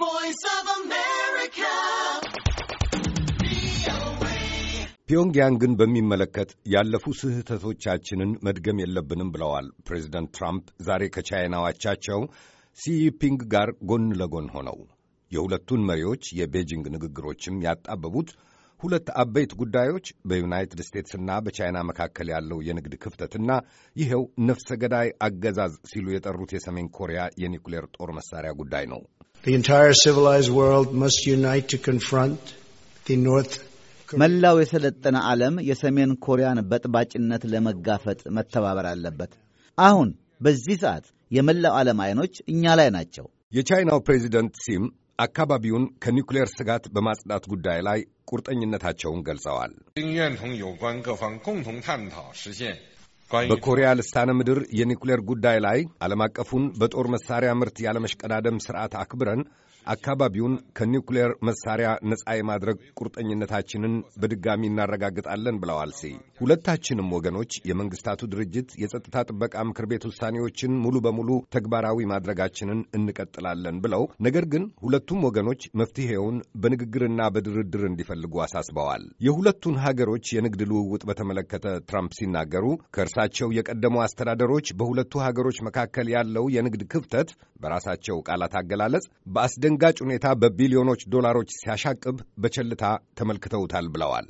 voice of America. ፒዮንግያንግን በሚመለከት ያለፉ ስህተቶቻችንን መድገም የለብንም ብለዋል ፕሬዚደንት ትራምፕ ዛሬ ከቻይናዋቻቸው ሲፒንግ ጋር ጎን ለጎን ሆነው። የሁለቱን መሪዎች የቤጂንግ ንግግሮችም ያጣበቡት ሁለት አበይት ጉዳዮች በዩናይትድ ስቴትስና በቻይና መካከል ያለው የንግድ ክፍተትና ይኸው ነፍሰ ገዳይ አገዛዝ ሲሉ የጠሩት የሰሜን ኮሪያ የኒውክሌር ጦር መሳሪያ ጉዳይ ነው። The entire civilized world must unite to confront the North መላው የሰለጠነ ዓለም የሰሜን ኮሪያን በጥባጭነት ለመጋፈጥ መተባበር አለበት። አሁን በዚህ ሰዓት የመላው ዓለም አይኖች እኛ ላይ ናቸው። የቻይናው ፕሬዚደንት ሲም አካባቢውን ከኒውክሌር ስጋት በማጽዳት ጉዳይ ላይ ቁርጠኝነታቸውን ገልጸዋል። በኮሪያ ልሳነ ምድር የኒውክሌር ጉዳይ ላይ ዓለም አቀፉን በጦር መሳሪያ ምርት ያለመሽቀዳደም ሥርዓት አክብረን አካባቢውን ከኒውክሌር መሳሪያ ነፃ የማድረግ ቁርጠኝነታችንን በድጋሚ እናረጋግጣለን ብለዋል ሲ ሁለታችንም ወገኖች የመንግስታቱ ድርጅት የጸጥታ ጥበቃ ምክር ቤት ውሳኔዎችን ሙሉ በሙሉ ተግባራዊ ማድረጋችንን እንቀጥላለን ብለው፣ ነገር ግን ሁለቱም ወገኖች መፍትሔውን በንግግርና በድርድር እንዲፈልጉ አሳስበዋል። የሁለቱን ሀገሮች የንግድ ልውውጥ በተመለከተ ትራምፕ ሲናገሩ ከእርሳቸው የቀደሙ አስተዳደሮች በሁለቱ ሀገሮች መካከል ያለው የንግድ ክፍተት በራሳቸው ቃላት አገላለጽ በአስደ በአስደንጋጭ ሁኔታ በቢሊዮኖች ዶላሮች ሲያሻቅብ በቸልታ ተመልክተውታል ብለዋል።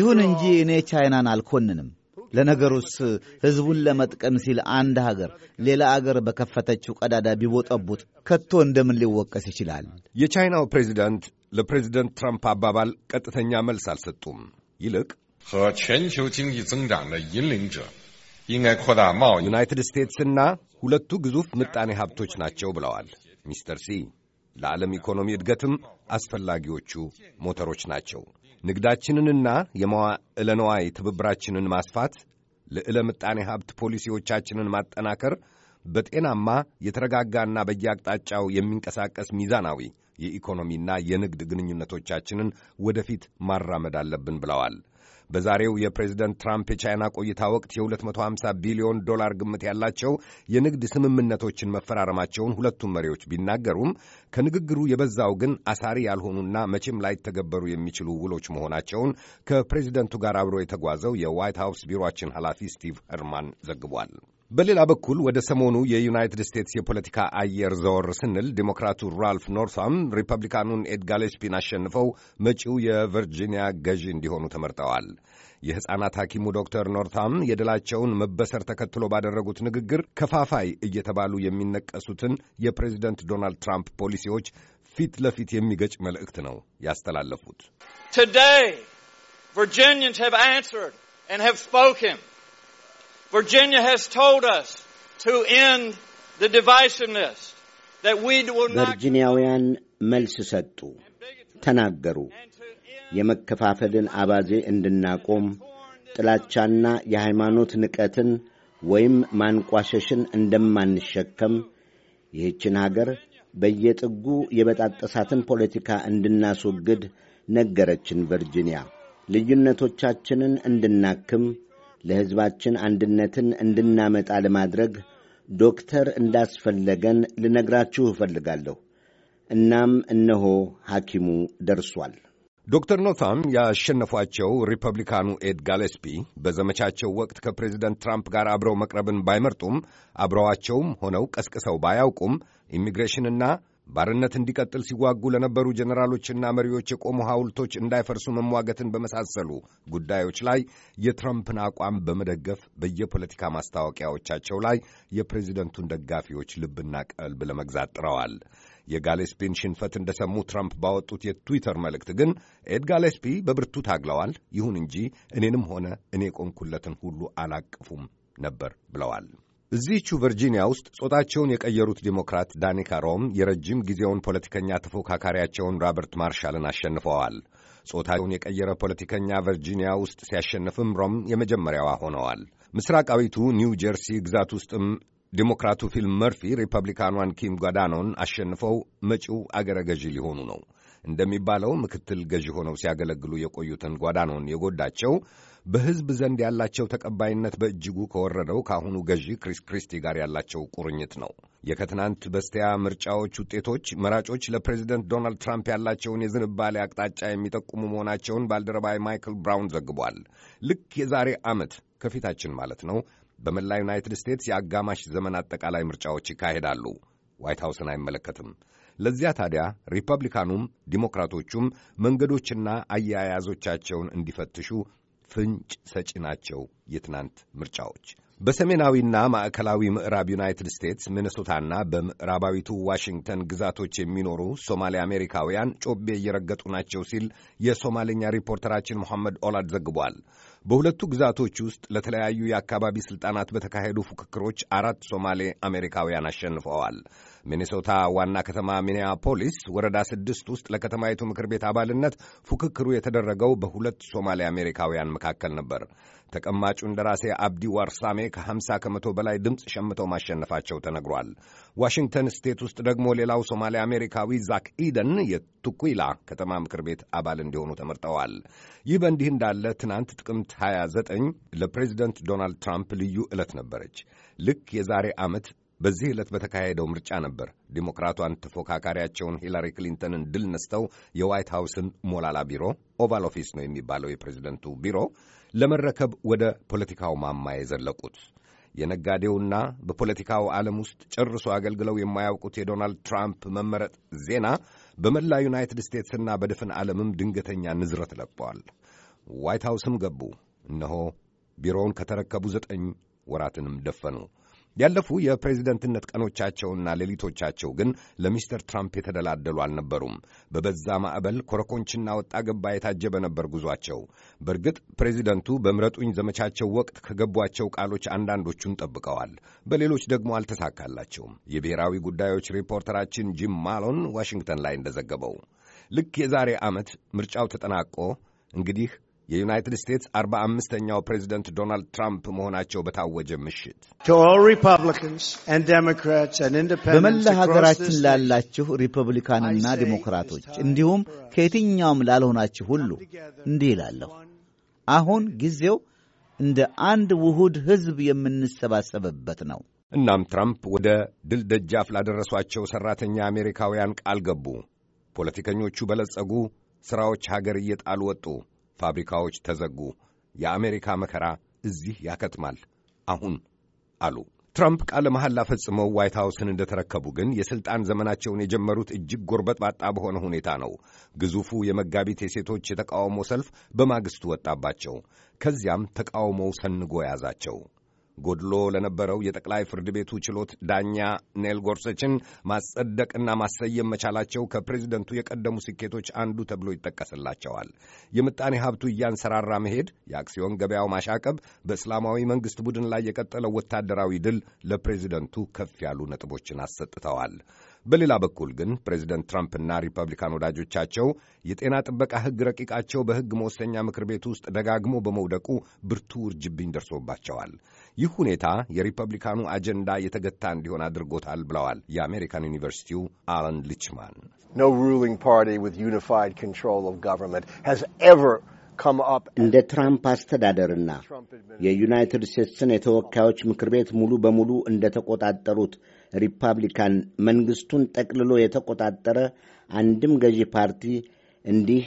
ይሁን እንጂ እኔ ቻይናን አልኮንንም። ለነገሩስ ሕዝቡን ለመጥቀም ሲል አንድ አገር ሌላ አገር በከፈተችው ቀዳዳ ቢቦጠቡት ከቶ እንደምን ሊወቀስ ይችላል? የቻይናው ፕሬዚደንት ለፕሬዚደንት ትራምፕ አባባል ቀጥተኛ መልስ አልሰጡም። ይልቅ ዩናይትድ ስቴትስና ሁለቱ ግዙፍ ምጣኔ ሀብቶች ናቸው ብለዋል ሚስተር ሲ። ለዓለም ኢኮኖሚ እድገትም አስፈላጊዎቹ ሞተሮች ናቸው። ንግዳችንንና የመዋዕለ ነዋይ ትብብራችንን ማስፋት፣ ልዕለ ምጣኔ ሀብት ፖሊሲዎቻችንን ማጠናከር፣ በጤናማ የተረጋጋና በየአቅጣጫው የሚንቀሳቀስ ሚዛናዊ የኢኮኖሚና የንግድ ግንኙነቶቻችንን ወደፊት ማራመድ አለብን ብለዋል። በዛሬው የፕሬዚደንት ትራምፕ የቻይና ቆይታ ወቅት የ250 ቢሊዮን ዶላር ግምት ያላቸው የንግድ ስምምነቶችን መፈራረማቸውን ሁለቱም መሪዎች ቢናገሩም ከንግግሩ የበዛው ግን አሳሪ ያልሆኑና መቼም ላይተገበሩ የሚችሉ ውሎች መሆናቸውን ከፕሬዚደንቱ ጋር አብሮ የተጓዘው የዋይት ሀውስ ቢሮአችን ኃላፊ ስቲቭ ኸርማን ዘግቧል። በሌላ በኩል ወደ ሰሞኑ የዩናይትድ ስቴትስ የፖለቲካ አየር ዘወር ስንል ዴሞክራቱ ራልፍ ኖርሳም ሪፐብሊካኑን ኤድ ጋሌስፒን አሸንፈው መጪው የቨርጂኒያ ገዢ እንዲሆኑ ተመርጠዋል። የሕፃናት ሐኪሙ ዶክተር ኖርታም የድላቸውን መበሰር ተከትሎ ባደረጉት ንግግር ከፋፋይ እየተባሉ የሚነቀሱትን የፕሬዚደንት ዶናልድ ትራምፕ ፖሊሲዎች ፊት ለፊት የሚገጭ መልእክት ነው ያስተላለፉት። Virginia has told us to end the divisiveness that we do not ቨርጂኒያውያን መልስ ሰጡ፣ ተናገሩ። የመከፋፈልን አባዜ እንድናቆም ጥላቻና የሃይማኖት ንቀትን ወይም ማንቋሸሽን እንደማንሸከም ይህችን አገር በየጥጉ የበጣጠሳትን ፖለቲካ እንድናስወግድ ነገረችን ቨርጂኒያ። ልዩነቶቻችንን እንድናክም ለሕዝባችን አንድነትን እንድናመጣ ለማድረግ ዶክተር እንዳስፈለገን ልነግራችሁ እፈልጋለሁ። እናም እነሆ ሐኪሙ ደርሷል። ዶክተር ኖታም ያሸነፏቸው ሪፐብሊካኑ ኤድ ጋሌስፒ በዘመቻቸው ወቅት ከፕሬዚደንት ትራምፕ ጋር አብረው መቅረብን ባይመርጡም አብረዋቸውም ሆነው ቀስቅሰው ባያውቁም ኢሚግሬሽንና ባርነት እንዲቀጥል ሲዋጉ ለነበሩ ጀኔራሎችና መሪዎች የቆሙ ሐውልቶች እንዳይፈርሱ መሟገትን በመሳሰሉ ጉዳዮች ላይ የትረምፕን አቋም በመደገፍ በየፖለቲካ ማስታወቂያዎቻቸው ላይ የፕሬዚደንቱን ደጋፊዎች ልብና ቀልብ ለመግዛት ጥረዋል። የጋሌስፒን ሽንፈት እንደሰሙ ትራምፕ ባወጡት የትዊተር መልእክት ግን ኤድ ጋሌስፒ በብርቱ ታግለዋል፣ ይሁን እንጂ እኔንም ሆነ እኔ ቆንኩለትን ሁሉ አላቅፉም ነበር ብለዋል። እዚህቹ ቨርጂኒያ ውስጥ ጾታቸውን የቀየሩት ዲሞክራት ዳኒካ ሮም የረጅም ጊዜውን ፖለቲከኛ ተፎካካሪያቸውን ሮበርት ማርሻልን አሸንፈዋል። ጾታቸውን የቀየረ ፖለቲከኛ ቨርጂኒያ ውስጥ ሲያሸንፍም ሮም የመጀመሪያዋ ሆነዋል። ምስራቃዊቱ ኒው ጀርሲ ግዛት ውስጥም ዲሞክራቱ ፊል መርፊ ሪፐብሊካኗን ኪም ጓዳኖን አሸንፈው መጪው አገረ ገዢ ሊሆኑ ነው። እንደሚባለው ምክትል ገዢ ሆነው ሲያገለግሉ የቆዩትን ጓዳኖን የጎዳቸው በሕዝብ ዘንድ ያላቸው ተቀባይነት በእጅጉ ከወረደው ከአሁኑ ገዢ ክሪስ ክሪስቲ ጋር ያላቸው ቁርኝት ነው። የከትናንት በስቲያ ምርጫዎች ውጤቶች መራጮች ለፕሬዚደንት ዶናልድ ትራምፕ ያላቸውን የዝንባሌ አቅጣጫ የሚጠቁሙ መሆናቸውን ባልደረባይ ማይክል ብራውን ዘግቧል። ልክ የዛሬ ዓመት ከፊታችን ማለት ነው በመላ ዩናይትድ ስቴትስ የአጋማሽ ዘመን አጠቃላይ ምርጫዎች ይካሄዳሉ። ዋይት ሀውስን አይመለከትም። ለዚያ ታዲያ ሪፐብሊካኑም ዲሞክራቶቹም መንገዶችና አያያዞቻቸውን እንዲፈትሹ ፍንጭ ሰጪ ናቸው የትናንት ምርጫዎች። በሰሜናዊና ማዕከላዊ ምዕራብ ዩናይትድ ስቴትስ ሚነሶታና በምዕራባዊቱ ዋሽንግተን ግዛቶች የሚኖሩ ሶማሌ አሜሪካውያን ጮቤ እየረገጡ ናቸው ሲል የሶማሌኛ ሪፖርተራችን መሐመድ ኦላድ ዘግቧል። በሁለቱ ግዛቶች ውስጥ ለተለያዩ የአካባቢ ስልጣናት በተካሄዱ ፉክክሮች አራት ሶማሌ አሜሪካውያን አሸንፈዋል። ሚኔሶታ ዋና ከተማ ሚኒያፖሊስ ወረዳ ስድስት ውስጥ ለከተማይቱ ምክር ቤት አባልነት ፉክክሩ የተደረገው በሁለት ሶማሌ አሜሪካውያን መካከል ነበር። ተቀማጩ እንደራሴ አብዲ ዋርሳሜ ከ50 ከመቶ በላይ ድምፅ ሸምተው ማሸነፋቸው ተነግሯል። ዋሽንግተን ስቴት ውስጥ ደግሞ ሌላው ሶማሌ አሜሪካዊ ዛክ ኢደን የቱኩይላ ከተማ ምክር ቤት አባል እንዲሆኑ ተመርጠዋል። ይህ በእንዲህ እንዳለ ትናንት ጥቅምት 29 ለፕሬዚደንት ዶናልድ ትራምፕ ልዩ ዕለት ነበረች። ልክ የዛሬ ዓመት በዚህ ዕለት በተካሄደው ምርጫ ነበር ዲሞክራቷን ተፎካካሪያቸውን ሂላሪ ክሊንተንን ድል ነስተው የዋይት ሀውስን ሞላላ ቢሮ ኦቫል ኦፊስ ነው የሚባለው የፕሬዚደንቱ ቢሮ ለመረከብ ወደ ፖለቲካው ማማ የዘለቁት። የነጋዴውና በፖለቲካው ዓለም ውስጥ ጨርሶ አገልግለው የማያውቁት የዶናልድ ትራምፕ መመረጥ ዜና በመላ ዩናይትድ ስቴትስና በድፍን ዓለምም ድንገተኛ ንዝረት ለቀዋል። ዋይት ሀውስም ገቡ። እነሆ ቢሮውን ከተረከቡ ዘጠኝ ወራትንም ደፈኑ። ያለፉ የፕሬዚደንትነት ቀኖቻቸውና ሌሊቶቻቸው ግን ለሚስተር ትራምፕ የተደላደሉ አልነበሩም። በበዛ ማዕበል ኮረኮንችና ወጣ ገባ የታጀበ ነበር ጉዟቸው። በእርግጥ ፕሬዚደንቱ በምረጡኝ ዘመቻቸው ወቅት ከገቧቸው ቃሎች አንዳንዶቹን ጠብቀዋል፣ በሌሎች ደግሞ አልተሳካላቸውም። የብሔራዊ ጉዳዮች ሪፖርተራችን ጂም ማሎን ዋሽንግተን ላይ እንደዘገበው ልክ የዛሬ ዓመት ምርጫው ተጠናቆ እንግዲህ የዩናይትድ ስቴትስ አርባ አምስተኛው ፕሬዚደንት ዶናልድ ትራምፕ መሆናቸው በታወጀ ምሽት በመላ ሀገራችን ላላችሁ ሪፐብሊካንና ዲሞክራቶች እንዲሁም ከየትኛውም ላልሆናችሁ ሁሉ እንዲህ ይላለሁ። አሁን ጊዜው እንደ አንድ ውሁድ ሕዝብ የምንሰባሰብበት ነው። እናም ትራምፕ ወደ ድል ደጃፍ ላደረሷቸው ሠራተኛ አሜሪካውያን ቃል ገቡ። ፖለቲከኞቹ በለጸጉ፣ ሥራዎች ሀገር እየጣሉ ወጡ። ፋብሪካዎች ተዘጉ፣ የአሜሪካ መከራ እዚህ ያከትማል አሁን አሉ። ትራምፕ ቃለ መሐላ ፈጽመው ዋይት ሐውስን እንደተረከቡ ግን የሥልጣን ዘመናቸውን የጀመሩት እጅግ ጎርበጥ ባጣ በሆነ ሁኔታ ነው። ግዙፉ የመጋቢት የሴቶች የተቃውሞ ሰልፍ በማግስቱ ወጣባቸው። ከዚያም ተቃውሞው ሰንጎ ያዛቸው። ጎድሎ ለነበረው የጠቅላይ ፍርድ ቤቱ ችሎት ዳኛ ኔል ጎርሰችን ማጸደቅና ማሰየም መቻላቸው ከፕሬዚደንቱ የቀደሙ ስኬቶች አንዱ ተብሎ ይጠቀስላቸዋል። የምጣኔ ሀብቱ እያንሰራራ መሄድ፣ የአክሲዮን ገበያው ማሻቀብ፣ በእስላማዊ መንግስት ቡድን ላይ የቀጠለው ወታደራዊ ድል ለፕሬዚደንቱ ከፍ ያሉ ነጥቦችን አሰጥተዋል። በሌላ በኩል ግን ፕሬዚደንት ትራምፕና ሪፐብሊካን ወዳጆቻቸው የጤና ጥበቃ ሕግ ረቂቃቸው በሕግ መወሰኛ ምክር ቤት ውስጥ ደጋግሞ በመውደቁ ብርቱ ውርጅብኝ ደርሶባቸዋል። ይህ ሁኔታ የሪፐብሊካኑ አጀንዳ የተገታ እንዲሆን አድርጎታል ብለዋል የአሜሪካን ዩኒቨርሲቲው አለን ሊችማን። እንደ ትራምፕ አስተዳደርና የዩናይትድ ስቴትስን የተወካዮች ምክር ቤት ሙሉ በሙሉ እንደተቆጣጠሩት ሪፐብሊካን መንግሥቱን ጠቅልሎ የተቆጣጠረ አንድም ገዢ ፓርቲ እንዲህ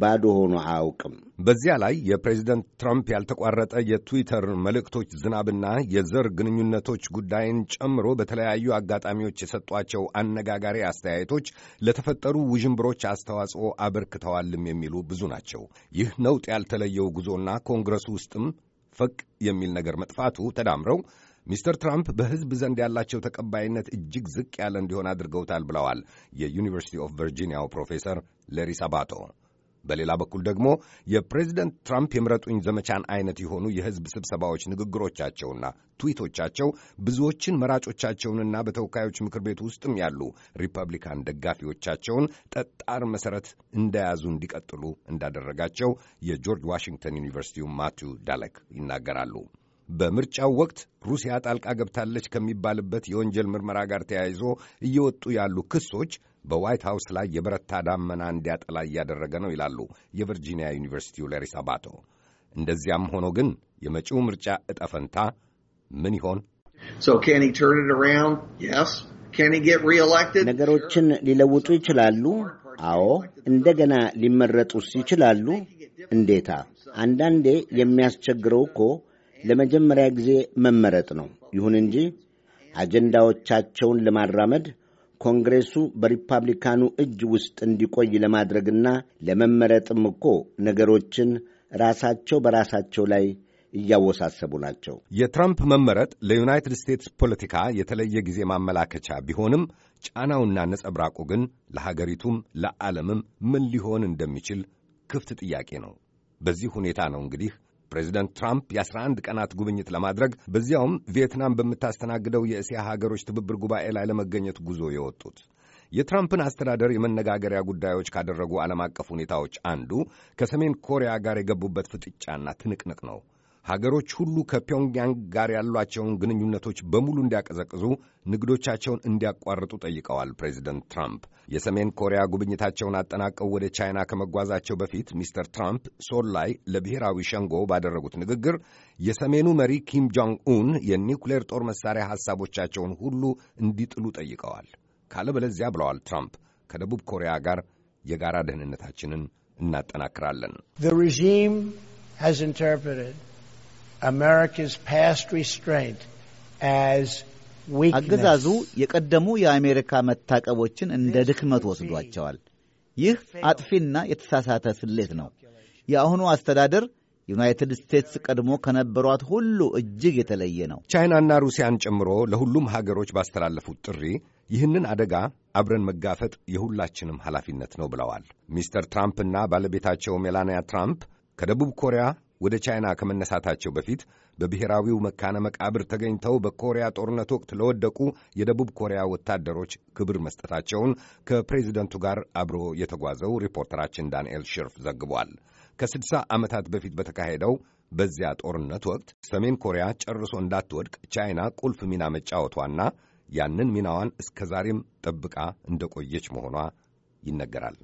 ባዶ ሆኖ አያውቅም። በዚያ ላይ የፕሬዚደንት ትራምፕ ያልተቋረጠ የትዊተር መልእክቶች ዝናብና የዘር ግንኙነቶች ጉዳይን ጨምሮ በተለያዩ አጋጣሚዎች የሰጧቸው አነጋጋሪ አስተያየቶች ለተፈጠሩ ውዥንብሮች አስተዋጽኦ አበርክተዋልም የሚሉ ብዙ ናቸው። ይህ ነውጥ ያልተለየው ጉዞና ኮንግረሱ ውስጥም ፈቅ የሚል ነገር መጥፋቱ ተዳምረው ሚስተር ትራምፕ በሕዝብ ዘንድ ያላቸው ተቀባይነት እጅግ ዝቅ ያለ እንዲሆን አድርገውታል ብለዋል የዩኒቨርሲቲ ኦፍ ቨርጂኒያው ፕሮፌሰር ሌሪ ሳባቶ። በሌላ በኩል ደግሞ የፕሬዚደንት ትራምፕ የምረጡኝ ዘመቻን አይነት የሆኑ የሕዝብ ስብሰባዎች ንግግሮቻቸውና ትዊቶቻቸው ብዙዎችን መራጮቻቸውንና በተወካዮች ምክር ቤት ውስጥም ያሉ ሪፐብሊካን ደጋፊዎቻቸውን ጠጣር መሠረት እንደያዙ እንዲቀጥሉ እንዳደረጋቸው የጆርጅ ዋሽንግተን ዩኒቨርሲቲው ማቲው ዳለክ ይናገራሉ። በምርጫው ወቅት ሩሲያ ጣልቃ ገብታለች ከሚባልበት የወንጀል ምርመራ ጋር ተያይዞ እየወጡ ያሉ ክሶች በዋይት ሃውስ ላይ የበረታ ዳመና እንዲያጠላ እያደረገ ነው ይላሉ የቨርጂኒያ ዩኒቨርሲቲው ላሪስ አባቶ። እንደዚያም ሆኖ ግን የመጪው ምርጫ እጠፈንታ ምን ይሆን? ነገሮችን ሊለውጡ ይችላሉ። አዎ፣ እንደገና ሊመረጡስ ይችላሉ። እንዴታ! አንዳንዴ የሚያስቸግረው እኮ ለመጀመሪያ ጊዜ መመረጥ ነው። ይሁን እንጂ አጀንዳዎቻቸውን ለማራመድ ኮንግሬሱ በሪፐብሊካኑ እጅ ውስጥ እንዲቆይ ለማድረግና ለመመረጥም እኮ ነገሮችን ራሳቸው በራሳቸው ላይ እያወሳሰቡ ናቸው። የትራምፕ መመረጥ ለዩናይትድ ስቴትስ ፖለቲካ የተለየ ጊዜ ማመላከቻ ቢሆንም ጫናውና ነጸብራቁ ግን ለሀገሪቱም ለዓለምም ምን ሊሆን እንደሚችል ክፍት ጥያቄ ነው። በዚህ ሁኔታ ነው እንግዲህ ፕሬዚደንት ትራምፕ የ11 ቀናት ጉብኝት ለማድረግ በዚያውም ቪየትናም በምታስተናግደው የእስያ ሀገሮች ትብብር ጉባኤ ላይ ለመገኘት ጉዞ የወጡት የትራምፕን አስተዳደር የመነጋገሪያ ጉዳዮች ካደረጉ ዓለም አቀፍ ሁኔታዎች አንዱ ከሰሜን ኮሪያ ጋር የገቡበት ፍጥጫና ትንቅንቅ ነው። ሀገሮች ሁሉ ከፒዮንግያንግ ጋር ያሏቸውን ግንኙነቶች በሙሉ እንዲያቀዘቅዙ፣ ንግዶቻቸውን እንዲያቋርጡ ጠይቀዋል። ፕሬዚደንት ትራምፕ የሰሜን ኮሪያ ጉብኝታቸውን አጠናቀው ወደ ቻይና ከመጓዛቸው በፊት ሚስተር ትራምፕ ሶል ላይ ለብሔራዊ ሸንጎ ባደረጉት ንግግር የሰሜኑ መሪ ኪም ጆንግ ኡን የኒውክሌር ጦር መሳሪያ ሐሳቦቻቸውን ሁሉ እንዲጥሉ ጠይቀዋል። ካለበለዚያ ብለዋል ትራምፕ ከደቡብ ኮሪያ ጋር የጋራ ደህንነታችንን እናጠናክራለን። America's past restraint as አገዛዙ የቀደሙ የአሜሪካ መታቀቦችን እንደ ድክመት ወስዷቸዋል። ይህ አጥፊና የተሳሳተ ስሌት ነው። የአሁኑ አስተዳደር ዩናይትድ ስቴትስ ቀድሞ ከነበሯት ሁሉ እጅግ የተለየ ነው። ቻይናና ሩሲያን ጨምሮ ለሁሉም ሀገሮች ባስተላለፉት ጥሪ ይህንን አደጋ አብረን መጋፈጥ የሁላችንም ኃላፊነት ነው ብለዋል። ሚስተር ትራምፕና ባለቤታቸው ሜላንያ ትራምፕ ከደቡብ ኮሪያ ወደ ቻይና ከመነሳታቸው በፊት በብሔራዊው መካነ መቃብር ተገኝተው በኮሪያ ጦርነት ወቅት ለወደቁ የደቡብ ኮሪያ ወታደሮች ክብር መስጠታቸውን ከፕሬዚደንቱ ጋር አብሮ የተጓዘው ሪፖርተራችን ዳንኤል ሽርፍ ዘግቧል። ከስድሳ ዓመታት በፊት በተካሄደው በዚያ ጦርነት ወቅት ሰሜን ኮሪያ ጨርሶ እንዳትወድቅ ቻይና ቁልፍ ሚና መጫወቷና ያንን ሚናዋን እስከ ዛሬም ጠብቃ እንደቆየች መሆኗ ይነገራል።